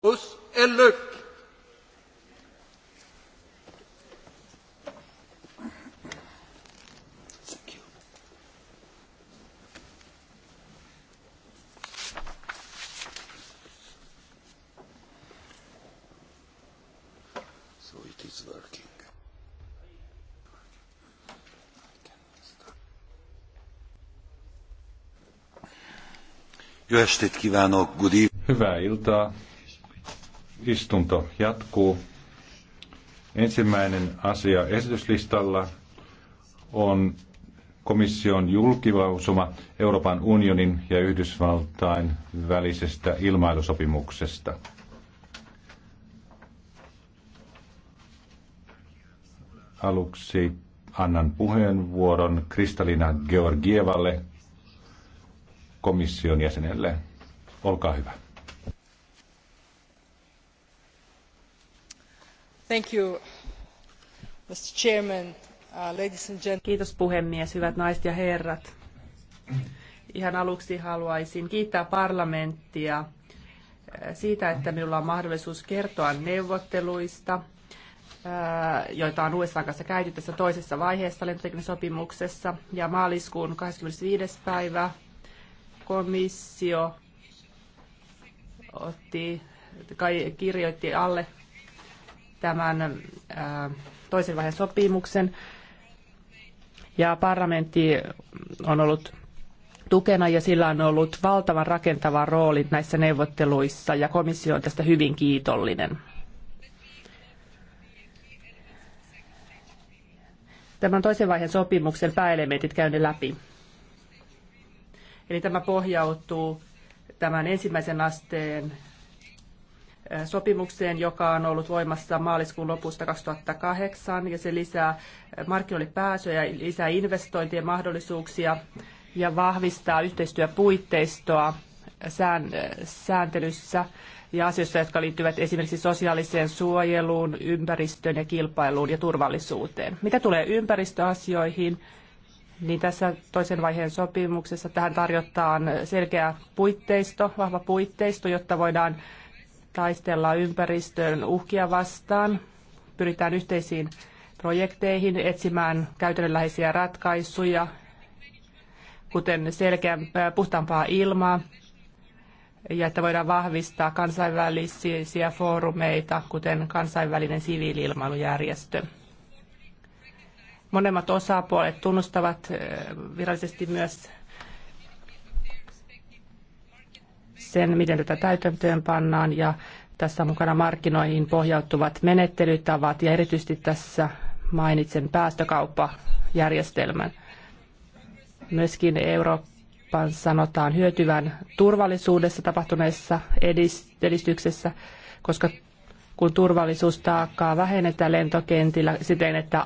Us eller So it is working. Jó estét kívánok, Gudi! Hüvá, iltaa! Istunto jatkuu. Ensimmäinen asia esityslistalla on komission julkilausuma Euroopan unionin ja Yhdysvaltain välisestä ilmailusopimuksesta. Aluksi annan puheenvuoron Kristalina Georgievalle, komission jäsenelle. Olkaa hyvä. Uh, Kiitos puhemies, hyvät naiset ja herrat. Ihan aluksi haluaisin kiittää parlamenttia eh, siitä, että minulla on mahdollisuus kertoa neuvotteluista, eh, joita on USA kanssa käyty tässä toisessa vaiheessa lentoliikennesopimuksessa Ja maaliskuun 25. päivä komissio otti, kirjoitti alle tämän äh, toisen vaiheen sopimuksen. Ja parlamentti on ollut tukena ja sillä on ollut valtavan rakentava rooli näissä neuvotteluissa ja komissio on tästä hyvin kiitollinen. Tämän toisen vaiheen sopimuksen pääelementit käyneet läpi. Eli tämä pohjautuu tämän ensimmäisen asteen sopimukseen, joka on ollut voimassa maaliskuun lopusta 2008, ja se lisää markkinoille pääsyä ja lisää investointien mahdollisuuksia ja vahvistaa yhteistyöpuitteistoa sään, sääntelyssä ja asioissa, jotka liittyvät esimerkiksi sosiaaliseen suojeluun, ympäristöön ja kilpailuun ja turvallisuuteen. Mitä tulee ympäristöasioihin, niin tässä toisen vaiheen sopimuksessa tähän tarjotaan selkeä puitteisto, vahva puitteisto, jotta voidaan taistellaan ympäristön uhkia vastaan, pyritään yhteisiin projekteihin etsimään käytännönläheisiä ratkaisuja, kuten selkeämpää, puhtaampaa ilmaa, ja että voidaan vahvistaa kansainvälisiä foorumeita, kuten kansainvälinen siviili-ilmailujärjestö. Monemmat osapuolet tunnustavat virallisesti myös sen, miten tätä täytäntöön pannaan ja tässä mukana markkinoihin pohjautuvat menettelytavat ja erityisesti tässä mainitsen päästökauppajärjestelmän. Myöskin Euroopan sanotaan hyötyvän turvallisuudessa tapahtuneessa edistyksessä, koska kun turvallisuustaakkaa vähennetään lentokentillä siten, että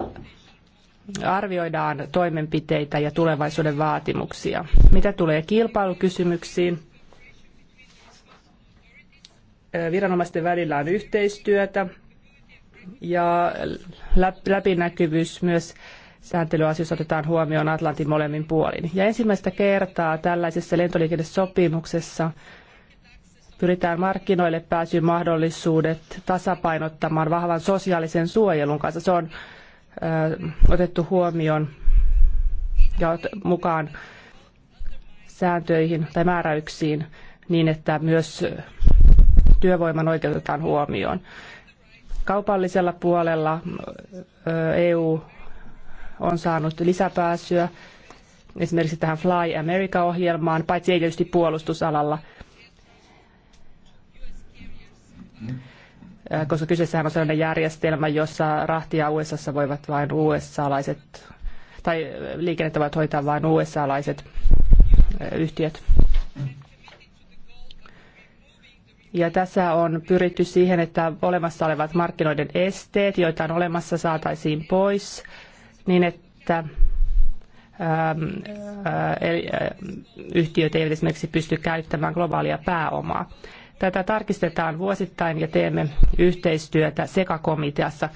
arvioidaan toimenpiteitä ja tulevaisuuden vaatimuksia. Mitä tulee kilpailukysymyksiin, viranomaisten välillä on yhteistyötä ja läpinäkyvyys myös sääntelyasioissa otetaan huomioon Atlantin molemmin puolin. Ja ensimmäistä kertaa tällaisessa lentoliikennesopimuksessa pyritään markkinoille pääsyn mahdollisuudet tasapainottamaan vahvan sosiaalisen suojelun kanssa. Se on ö, otettu huomioon ja ot, mukaan sääntöihin tai määräyksiin niin, että myös työvoiman oikeutetaan huomioon. Kaupallisella puolella EU on saanut lisäpääsyä esimerkiksi tähän Fly America-ohjelmaan, paitsi ei tietysti puolustusalalla, koska kyseessähän on sellainen järjestelmä, jossa rahtia USA voivat vain USA-laiset, tai liikennettä voivat hoitaa vain USA-laiset yhtiöt. Ja tässä on pyritty siihen, että olemassa olevat markkinoiden esteet, joita on olemassa, saataisiin pois niin, että ähm, äh, äh, yhtiöt eivät esimerkiksi pysty käyttämään globaalia pääomaa. Tätä tarkistetaan vuosittain ja teemme yhteistyötä sekakomiteassa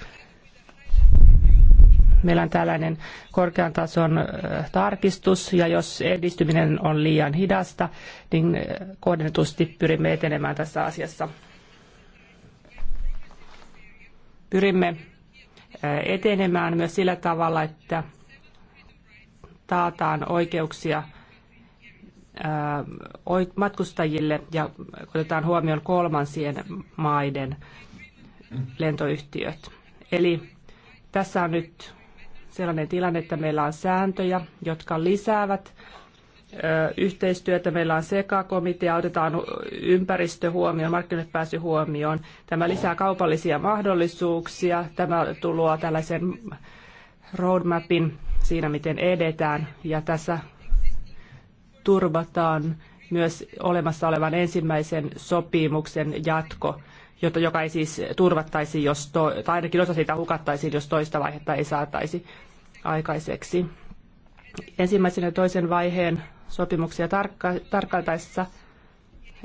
Meillä on tällainen korkean tason tarkistus ja jos edistyminen on liian hidasta, niin kohdennetusti pyrimme etenemään tässä asiassa. Pyrimme etenemään myös sillä tavalla, että taataan oikeuksia matkustajille ja otetaan huomioon kolmansien maiden lentoyhtiöt. Eli tässä on nyt sellainen tilanne, että meillä on sääntöjä, jotka lisäävät yhteistyötä. Meillä on sekakomitea, otetaan ympäristö huomioon, markkinoille pääsy huomioon. Tämä lisää kaupallisia mahdollisuuksia. Tämä tuloa tällaisen roadmapin siinä, miten edetään. Ja tässä turvataan myös olemassa olevan ensimmäisen sopimuksen jatko, jota, joka ei siis turvattaisi, jos to, tai ainakin osa siitä hukattaisiin, jos toista vaihetta ei saataisi aikaiseksi. Ensimmäisen ja toisen vaiheen sopimuksia tarkka- tarkkailtaessa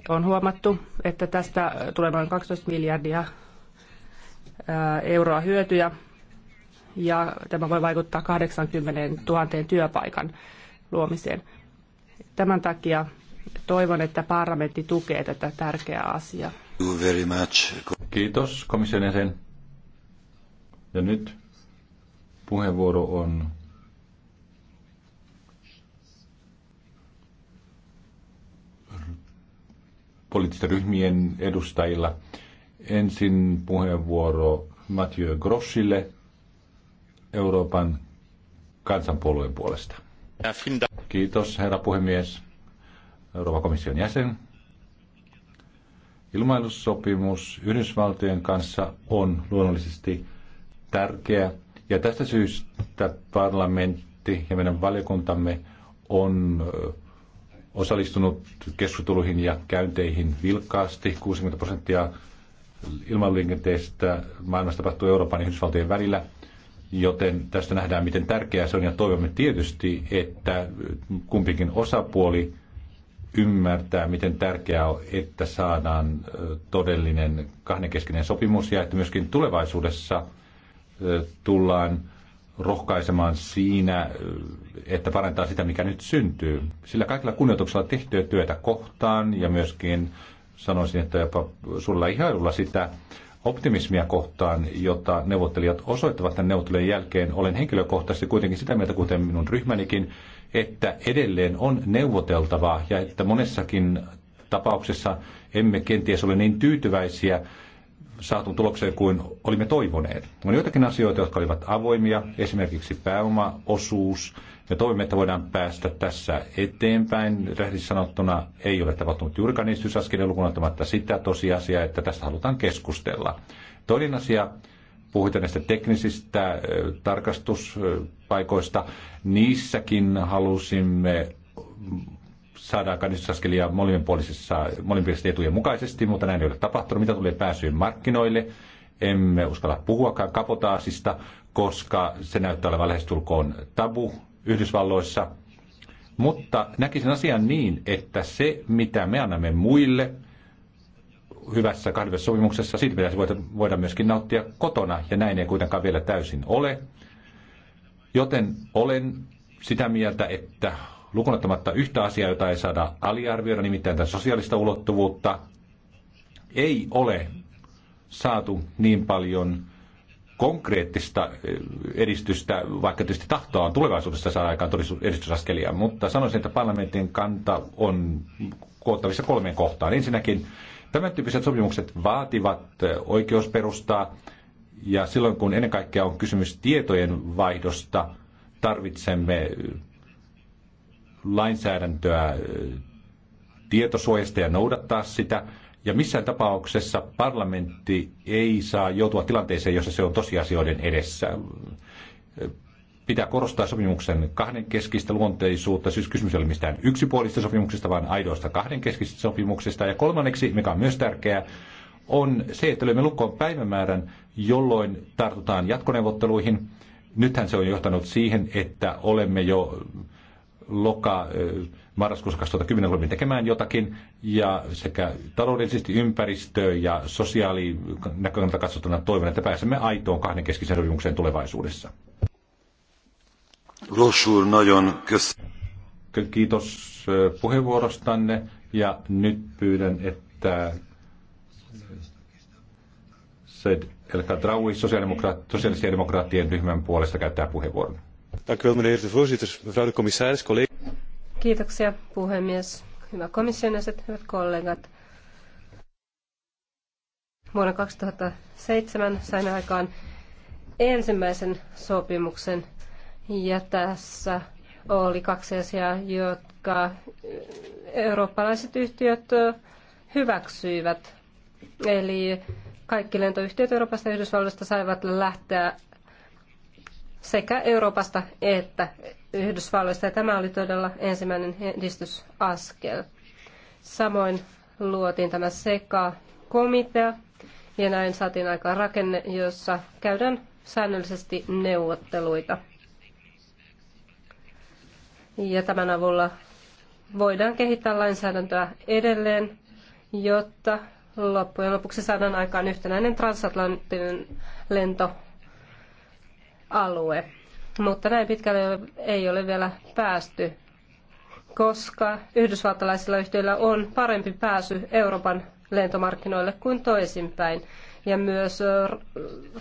on huomattu, että tästä tulee noin 12 miljardia euroa hyötyjä ja tämä voi vaikuttaa 80 000 työpaikan luomiseen. Tämän takia toivon, että parlamentti tukee tätä tärkeää asiaa. Kiitos komission jäsen. Ja nyt puheenvuoro on poliittisten ryhmien edustajilla. Ensin puheenvuoro Mathieu Grossille Euroopan kansanpuolueen puolesta. Kiitos, herra puhemies. Euroopan komission jäsen. Ilmailussopimus Yhdysvaltojen kanssa on luonnollisesti tärkeä ja tästä syystä parlamentti ja meidän valiokuntamme on osallistunut keskusteluihin ja käynteihin vilkkaasti. 60 prosenttia ilmailuliikenteestä maailmassa tapahtuu Euroopan ja Yhdysvaltojen välillä, joten tästä nähdään, miten tärkeää se on. Ja toivomme tietysti, että kumpikin osapuoli ymmärtää, miten tärkeää on, että saadaan todellinen kahdenkeskinen sopimus ja että myöskin tulevaisuudessa – tullaan rohkaisemaan siinä, että parantaa sitä, mikä nyt syntyy. Sillä kaikilla kunnioituksella tehtyä työtä kohtaan ja myöskin sanoisin, että jopa sulla ihailulla sitä optimismia kohtaan, jota neuvottelijat osoittavat tämän neuvottelujen jälkeen. Olen henkilökohtaisesti kuitenkin sitä mieltä, kuten minun ryhmänikin, että edelleen on neuvoteltavaa ja että monessakin tapauksessa emme kenties ole niin tyytyväisiä saatuun tulokseen kuin olimme toivoneet. On joitakin asioita, jotka olivat avoimia, esimerkiksi pääomaosuus. Me toivomme, että voidaan päästä tässä eteenpäin. Rehdissä sanottuna ei ole tapahtunut juurikaan edistysaskelia lukuun ottamatta sitä tosiasiaa, että tästä halutaan keskustella. Toinen asia, puhuitte näistä teknisistä tarkastuspaikoista. Niissäkin halusimme saadaan kannustusaskelia molemminpuolisessa, molemminpuolisten etujen mukaisesti, mutta näin ei ole tapahtunut. Mitä tulee pääsyyn markkinoille, emme uskalla puhuakaan kapotaasista, koska se näyttää olevan lähestulkoon tabu Yhdysvalloissa. Mutta näkisin asian niin, että se, mitä me annamme muille hyvässä kahdessa sopimuksessa, siitä pitäisi voida, voida myöskin nauttia kotona, ja näin ei kuitenkaan vielä täysin ole. Joten olen sitä mieltä, että lukunottamatta yhtä asiaa, jota ei saada aliarvioida, nimittäin tätä sosiaalista ulottuvuutta, ei ole saatu niin paljon konkreettista eh, edistystä, vaikka tietysti tahtoa on tulevaisuudessa saada aikaan edistysaskelia, mutta sanoisin, että parlamentin kanta on koottavissa kolmeen kohtaan. Ensinnäkin tämän tyyppiset sopimukset vaativat eh, oikeusperustaa, ja silloin kun ennen kaikkea on kysymys tietojen vaihdosta, tarvitsemme eh, lainsäädäntöä tietosuojasta ja noudattaa sitä. Ja missään tapauksessa parlamentti ei saa joutua tilanteeseen, jossa se on tosiasioiden edessä. Pitää korostaa sopimuksen kahdenkeskistä luonteisuutta, siis kysymys ei ole mistään yksipuolista sopimuksesta, vaan aidoista kahdenkeskisistä sopimuksista. Ja kolmanneksi, mikä on myös tärkeää, on se, että löymme lukkoon päivämäärän, jolloin tartutaan jatkoneuvotteluihin. Nythän se on johtanut siihen, että olemme jo loka, marraskuussa 2010 olemme tekemään jotakin, ja sekä taloudellisesti ympäristö- ja sosiaalinäkökulmasta katsottuna toivon, että pääsemme aitoon kahdenkeskisen sopimukseen tulevaisuudessa. Rossuur, najon, Kiitos puheenvuorostanne, ja nyt pyydän, että Said El Kadraoui sosiaalidemokraattien ryhmän puolesta käyttää puheenvuoron voorzitter, mevrouw de commissaris, collega's. Kiitoksia puhemies. Hyvä komission jäsen, hyvät kollegat. Vuonna seitsemän sain aikaan ensimmäisen sopimuksen ja tässä oli kaksi asiaa, jotka eurooppalaiset yhtiöt hyväksyivät. Eli kaikki lentoyhtiöt Euroopasta ja Yhdysvalloista saivat lähteä sekä Euroopasta että Yhdysvalloista. Ja tämä oli todella ensimmäinen edistysaskel. Samoin luotiin tämä SEKA-komitea ja näin saatiin aika rakenne, jossa käydään säännöllisesti neuvotteluita. Ja tämän avulla voidaan kehittää lainsäädäntöä edelleen, jotta loppujen lopuksi saadaan aikaan yhtenäinen transatlanttinen lento alue. Mutta näin pitkälle ei ole vielä päästy, koska yhdysvaltalaisilla yhtiöillä on parempi pääsy Euroopan lentomarkkinoille kuin toisinpäin. Ja myös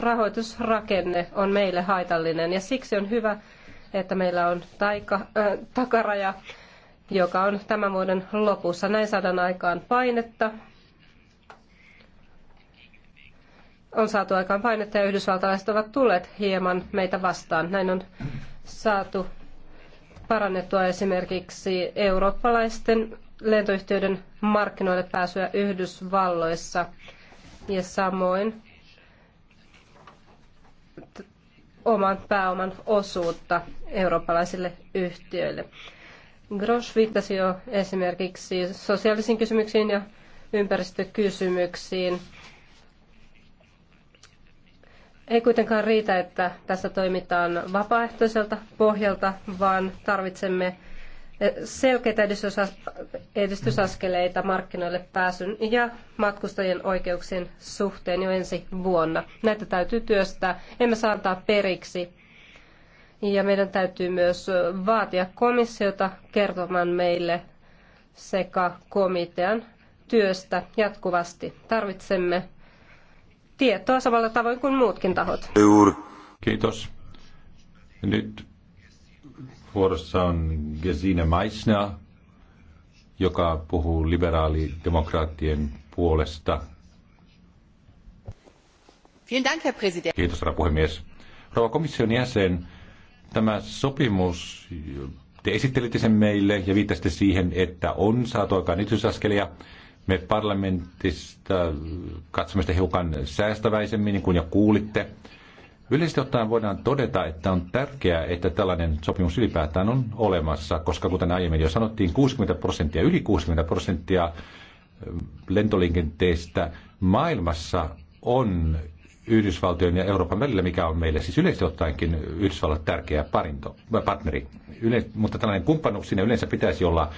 rahoitusrakenne on meille haitallinen ja siksi on hyvä, että meillä on taika, äh, takaraja, joka on tämän vuoden lopussa. Näin saadaan aikaan painetta on saatu aikaan painetta ja yhdysvaltalaiset ovat tulleet hieman meitä vastaan. Näin on saatu parannettua esimerkiksi eurooppalaisten lentoyhtiöiden markkinoille pääsyä Yhdysvalloissa ja samoin oman pääoman osuutta eurooppalaisille yhtiöille. Grosch viittasi jo esimerkiksi sosiaalisiin kysymyksiin ja ympäristökysymyksiin ei kuitenkaan riitä, että tässä toimitaan vapaaehtoiselta pohjalta, vaan tarvitsemme eh, selkeitä edistysaskeleita markkinoille pääsyn ja matkustajien oikeuksien suhteen jo ensi vuonna. Näitä täytyy työstää, emme saa antaa periksi. Ja meidän täytyy myös vaatia komissiota kertomaan meille sekä komitean työstä jatkuvasti. Tarvitsemme tietoa samalla tavoin kuin muutkin tahot. Kiitos. Nyt vuorossa on Gesine Meissner, joka puhuu liberaalidemokraattien puolesta. Kiitos, herra puhemies. Rouva komission jäsen, tämä sopimus, te esittelitte sen meille ja viittasitte siihen, että on saatu aikaan me parlamentista katsomme sitä hiukan säästäväisemmin, niin kuin jo kuulitte. Yleisesti ottaen voidaan todeta, että on tärkeää, että tällainen sopimus ylipäätään on olemassa, koska kuten aiemmin jo sanottiin, 60 prosenttia, yli 60 prosenttia lentoliikenteestä maailmassa on Yhdysvaltojen ja Euroopan välillä, mikä on meille siis yleisesti ottaenkin Yhdysvallat tärkeä parinto, partneri. Yle, mutta tällainen kumppanuus sinne yleensä pitäisi olla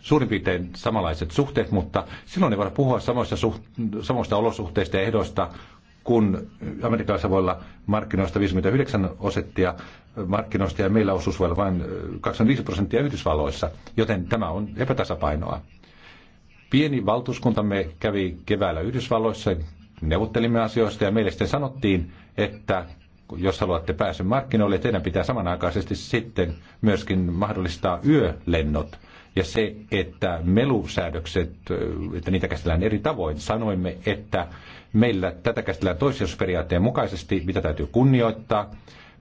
suurin piirtein samanlaiset suhteet, mutta silloin ei voida puhua samoista, suht, samoista olosuhteista ja ehdoista kun amerikkalaisilla voilla markkinoista 59 prosenttia markkinoista ja meillä osuus voi olla vain 25 prosenttia Yhdysvalloissa, joten tämä on epätasapainoa. Pieni valtuuskuntamme kävi keväällä Yhdysvalloissa, neuvottelimme asioista ja meille sitten sanottiin, että jos haluatte pääsyn markkinoille, teidän pitää samanaikaisesti sitten myöskin mahdollistaa yölennot ja se, että melusäädökset, että niitä käsitellään eri tavoin. Sanoimme, että meillä tätä käsitellään toissijaisuusperiaatteen mukaisesti, mitä täytyy kunnioittaa.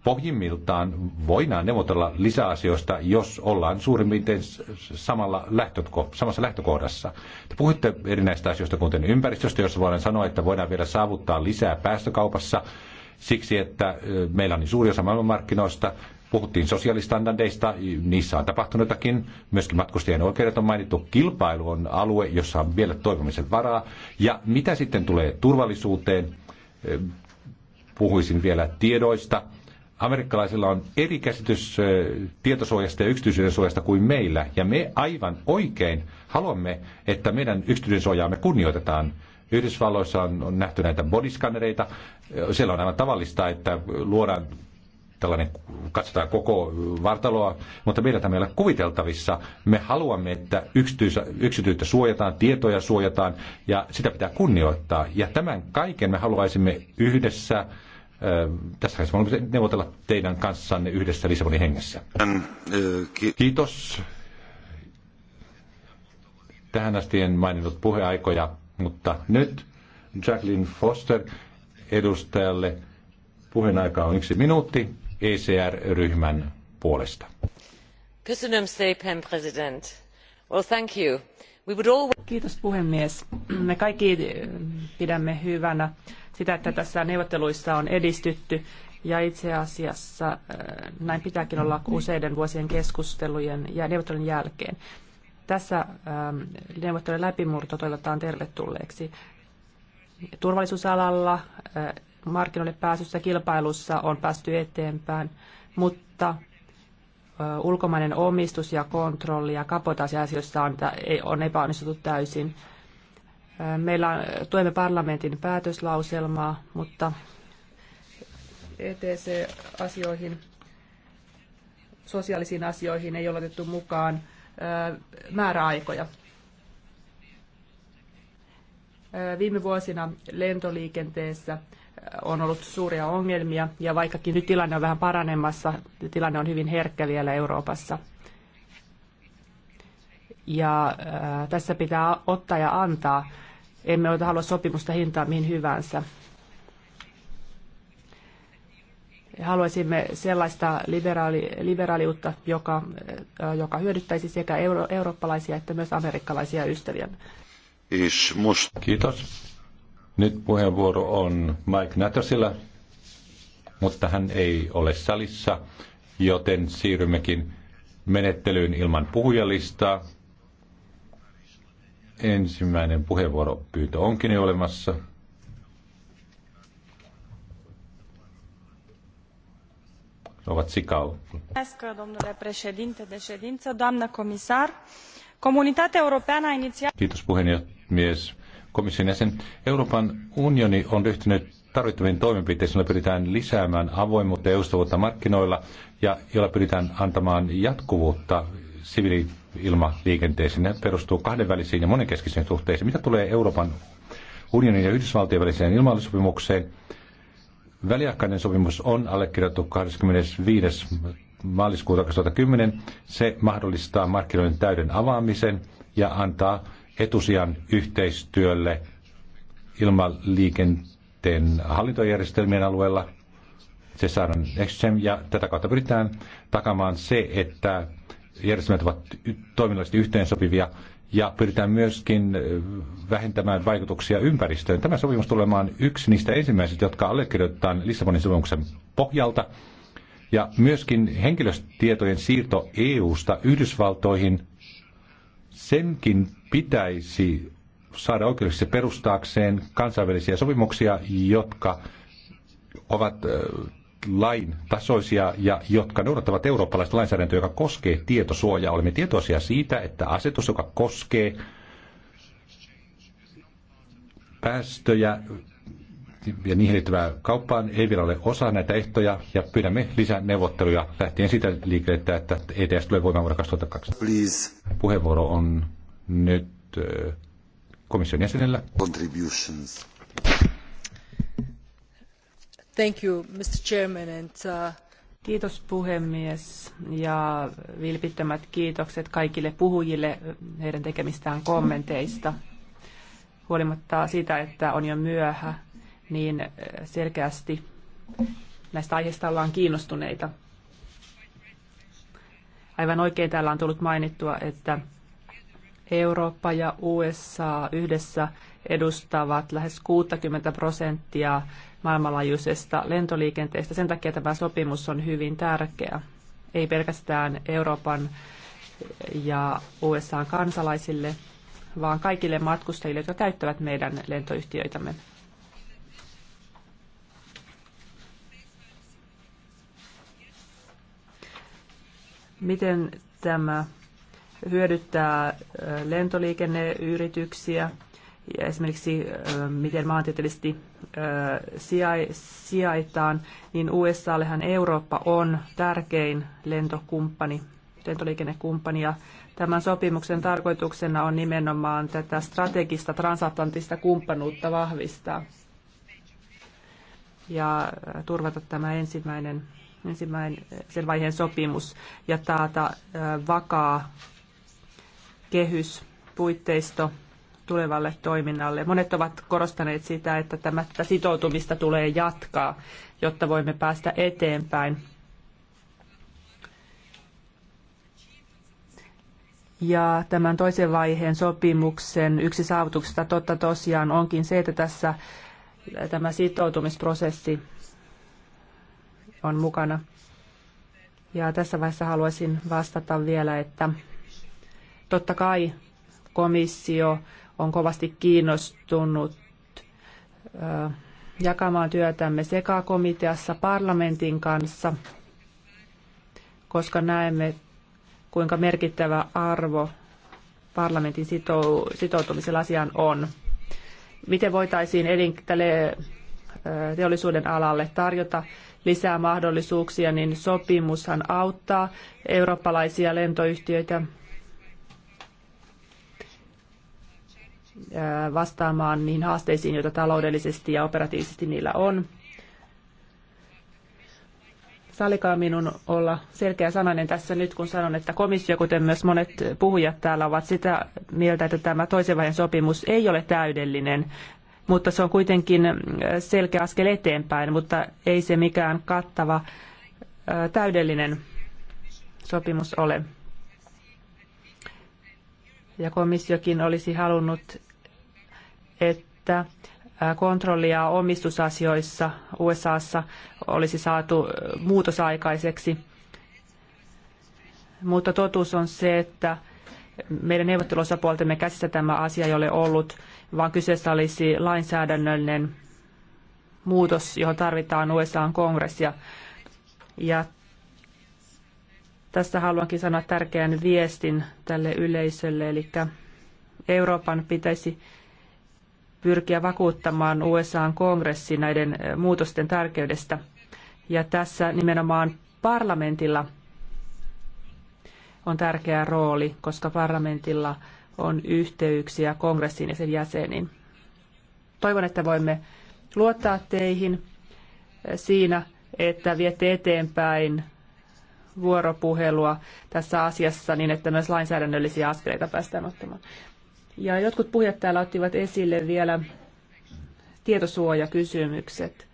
Pohjimmiltaan voidaan neuvotella lisäasioista, jos ollaan suurin piirtein samalla lähtötko, samassa lähtökohdassa. Te puhuitte erinäistä asioista, kuten ympäristöstä, jossa voidaan sanoa, että voidaan vielä saavuttaa lisää päästökaupassa siksi, että meillä on niin suuri osa maailmanmarkkinoista, Puhuttiin sosiaalistandardeista, niissä on tapahtunut jotakin. Myöskin matkustajien oikeudet on mainittu. Kilpailu on alue, jossa on vielä toivomisen varaa. Ja mitä sitten tulee turvallisuuteen? Puhuisin vielä tiedoista. Amerikkalaisilla on eri käsitys tietosuojasta ja yksityisyyden suojasta kuin meillä. Ja me aivan oikein haluamme, että meidän yksityisyyden suojaamme kunnioitetaan. Yhdysvalloissa on, on nähty näitä bodyskannereita. Siellä on aivan tavallista, että luodaan tällainen, katsotaan koko vartaloa, mutta meillä tämä ei ole kuviteltavissa. Me haluamme, että yksityyttä suojataan, tietoja suojataan ja sitä pitää kunnioittaa. Ja tämän kaiken me haluaisimme yhdessä, äh, tässä me haluamme neuvotella teidän kanssanne yhdessä Lisabonin hengessä. Kiitos. Tähän asti en maininnut puheaikoja, mutta nyt Jacqueline Foster edustajalle. Puheen aika on yksi minuutti. ECR-ryhmän puolesta. Kiitos puhemies. Me kaikki eh, pidämme hyvänä sitä, että tässä neuvotteluissa on edistytty ja itse asiassa eh, näin pitääkin olla useiden vuosien keskustelujen ja neuvottelun jälkeen. Tässä eh, neuvottelujen läpimurto toivotaan tervetulleeksi turvallisuusalalla, markkinoille pääsyssä kilpailussa on päästy eteenpäin, mutta ulkomainen omistus ja kontrolli ja kapotaasiasioissa on, on epäonnistuttu täysin. Meillä tuemme parlamentin päätöslauselmaa, mutta ETC-asioihin, sosiaalisiin asioihin ei ole otettu mukaan määräaikoja. Viime vuosina lentoliikenteessä on ollut suuria ongelmia ja vaikkakin nyt tilanne on vähän paranemassa, tilanne on hyvin herkkä vielä Euroopassa. Ja äh, tässä pitää ottaa ja antaa. Emme ota halua sopimusta hintaa mihin hyvänsä. Haluaisimme sellaista liberaali, liberaaliutta, joka, äh, joka hyödyttäisi sekä euro, eurooppalaisia että myös amerikkalaisia ystäviä. Kiitos. Nyt puheenvuoro on Mike Nattersilla, mutta hän ei ole salissa, joten siirrymmekin menettelyyn ilman puhujalistaa. Ensimmäinen puheenvuoropyyntö onkin jo olemassa. Ovat Sikau. Kiitos puheenjohtaja komission jäsen. Euroopan unioni on ryhtynyt tarvittaviin toimenpiteisiin, joilla pyritään lisäämään avoimuutta ja joustavuutta markkinoilla ja joilla pyritään antamaan jatkuvuutta siviili-ilmaliikenteeseen. Ne perustuu kahdenvälisiin ja monenkeskisiin suhteisiin. Mitä tulee Euroopan unionin ja Yhdysvaltojen väliseen ilmailusopimukseen, väliaikainen sopimus on allekirjoitettu 25 maaliskuuta 2010. Se mahdollistaa markkinoiden täyden avaamisen ja antaa etusijan yhteistyölle ilmaliikenteen hallintojärjestelmien alueella, se saadaan XM, ja tätä kautta pyritään takamaan se, että järjestelmät ovat toiminnallisesti yhteensopivia ja pyritään myöskin vähentämään vaikutuksia ympäristöön. Tämä sopimus tulee olemaan yksi niistä ensimmäisistä, jotka allekirjoitetaan Lissabonin sopimuksen pohjalta. Ja myöskin henkilöstietojen siirto EU-sta Yhdysvaltoihin, senkin pitäisi saada oikeudeksi perustaakseen kansainvälisiä sopimuksia, jotka ovat lain tasoisia ja jotka noudattavat eurooppalaista lainsäädäntöä, joka koskee tietosuojaa. Olemme tietoisia siitä, että asetus, joka koskee päästöjä ja niihin liittyvää kauppaan, ei vielä ole osa näitä ehtoja ja pyydämme lisää neuvotteluja lähtien siitä liikkeelle, että ETS tulee voimaan vuonna 2002. Please. Puheenvuoro on nyt komission jäsenellä. Contributions. Thank you, Mr. Chairman, and, uh... Kiitos puhemies ja vilpittömät kiitokset kaikille puhujille heidän tekemistään kommenteista. Huolimatta siitä, että on jo myöhä, niin selkeästi näistä aiheista ollaan kiinnostuneita. Aivan oikein täällä on tullut mainittua, että Eurooppa ja USA yhdessä edustavat lähes 60 prosenttia maailmanlaajuisesta lentoliikenteestä. Sen takia tämä sopimus on hyvin tärkeä. Ei pelkästään Euroopan ja USAn kansalaisille, vaan kaikille matkustajille, jotka käyttävät meidän lentoyhtiöitämme. Miten tämä hyödyttää lentoliikenneyrityksiä, esimerkiksi miten maantieteellisesti sijaitaan, niin USAllehan Eurooppa on tärkein lentokumppani, lentoliikennekumppani ja tämän sopimuksen tarkoituksena on nimenomaan tätä strategista transatlanttista kumppanuutta vahvistaa ja turvata tämä ensimmäinen, ensimmäinen sen vaiheen sopimus ja taata vakaa kehys, puitteisto tulevalle toiminnalle. Monet ovat korostaneet sitä, että tämä sitoutumista tulee jatkaa, jotta voimme päästä eteenpäin. Ja tämän toisen vaiheen sopimuksen yksi saavutuksista totta tosiaan onkin se, että tässä tämä sitoutumisprosessi on mukana. Ja tässä vaiheessa haluaisin vastata vielä, että Totta kai komissio on kovasti kiinnostunut jakamaan työtämme sekä komiteassa parlamentin kanssa, koska näemme, kuinka merkittävä arvo parlamentin sitoutumisella asiaan on. Miten voitaisiin elin, tälle teollisuuden alalle tarjota lisää mahdollisuuksia, niin sopimushan auttaa eurooppalaisia lentoyhtiöitä vastaamaan niihin haasteisiin, joita taloudellisesti ja operatiivisesti niillä on. Salikaa minun olla selkeä sananen tässä nyt, kun sanon, että komissio, kuten myös monet puhujat täällä, ovat sitä mieltä, että tämä toisen vaiheen sopimus ei ole täydellinen, mutta se on kuitenkin selkeä askel eteenpäin, mutta ei se mikään kattava täydellinen sopimus ole. Ja komissiokin olisi halunnut että kontrollia omistusasioissa USAssa olisi saatu muutosaikaiseksi. Mutta totuus on se, että meidän neuvotteluosapuoltemme käsissä tämä asia ei ole ollut, vaan kyseessä olisi lainsäädännöllinen muutos, johon tarvitaan USAn kongressia. Ja tässä haluankin sanoa tärkeän viestin tälle yleisölle, eli Euroopan pitäisi pyrkiä vakuuttamaan USAn kongressi näiden eh, muutosten tärkeydestä. Ja tässä nimenomaan parlamentilla on tärkeä rooli, koska parlamentilla on yhteyksiä kongressiin ja sen jäseniin. Toivon, että voimme luottaa teihin eh, siinä, että viette eteenpäin vuoropuhelua tässä asiassa niin, että myös lainsäädännöllisiä askeleita päästään ottamaan. Ja jotkut puhujat täällä ottivat esille vielä tietosuojakysymykset.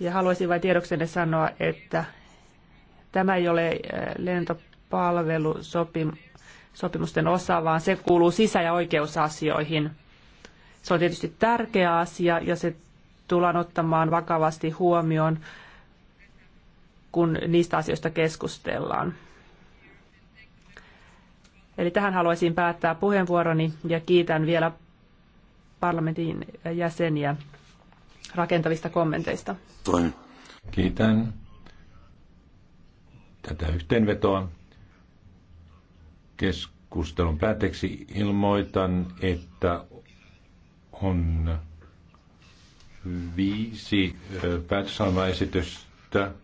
Ja haluaisin vain tiedoksenne sanoa, että tämä ei ole äh, lentopalvelusopimusten osa, vaan se kuuluu sisä- ja oikeusasioihin. Se on tietysti tärkeä asia ja se tullaan ottamaan vakavasti huomioon, kun niistä asioista keskustellaan. Eli tähän haluaisin päättää puheenvuoroni ja kiitän vielä parlamentin jäseniä rakentavista kommenteista. Kiitän tätä yhteenvetoa. Keskustelun päätteeksi ilmoitan, että on viisi päätösalmaesitystä